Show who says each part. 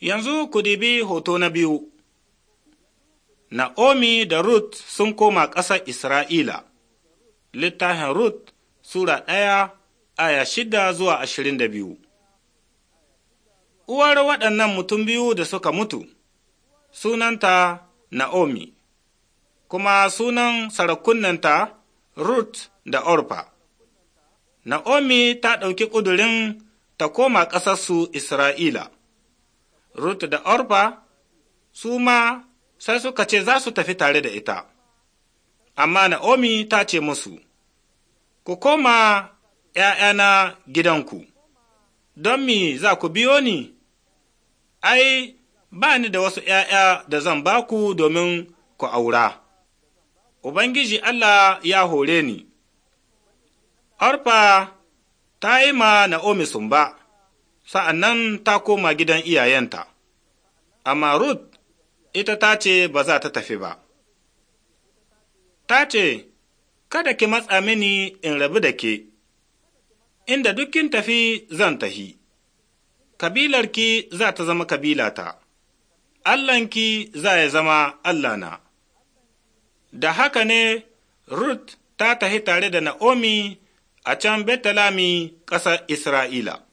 Speaker 1: Yanzu ku dibi hoto na biyu. Na'omi da Ruth sun koma ƙasar Isra'ila. Littafin Ruth Sura ɗaya aya shida zuwa ashirin da biyu. Uwar waɗannan mutum biyu da suka mutu, sunanta Na'omi, kuma sunan sarakunanta Ruth da Orfa. Na'omi ta ɗauki ƙudurin ta koma ƙasarsu Isra'ila. Rutu da Orfa su ma sai suka ce za su tafi tare da ita, amma Na'omi ta ce musu, Ku koma ’ya'yana gidanku, don mi za ku biyo ni, ai, ba ni da wasu ’ya'ya da zan ba ku domin ku aura, Ubangiji Allah ya hore ni, Orfa ta yi ma Na'omi sumba, sa'an nan ta koma gidan iyayenta, amma Ruth ita ta ce ba za ta tafi ba. Ta ce, Kada ki matsa mini in rabu da ke, inda dukkin tafi zan tahi, ki za ta zama kabilata, Allahnki za ya zama Allahna. Da haka ne Ruth ta tahi tare da Na'omi a can Betalami ƙasar Isra'ila.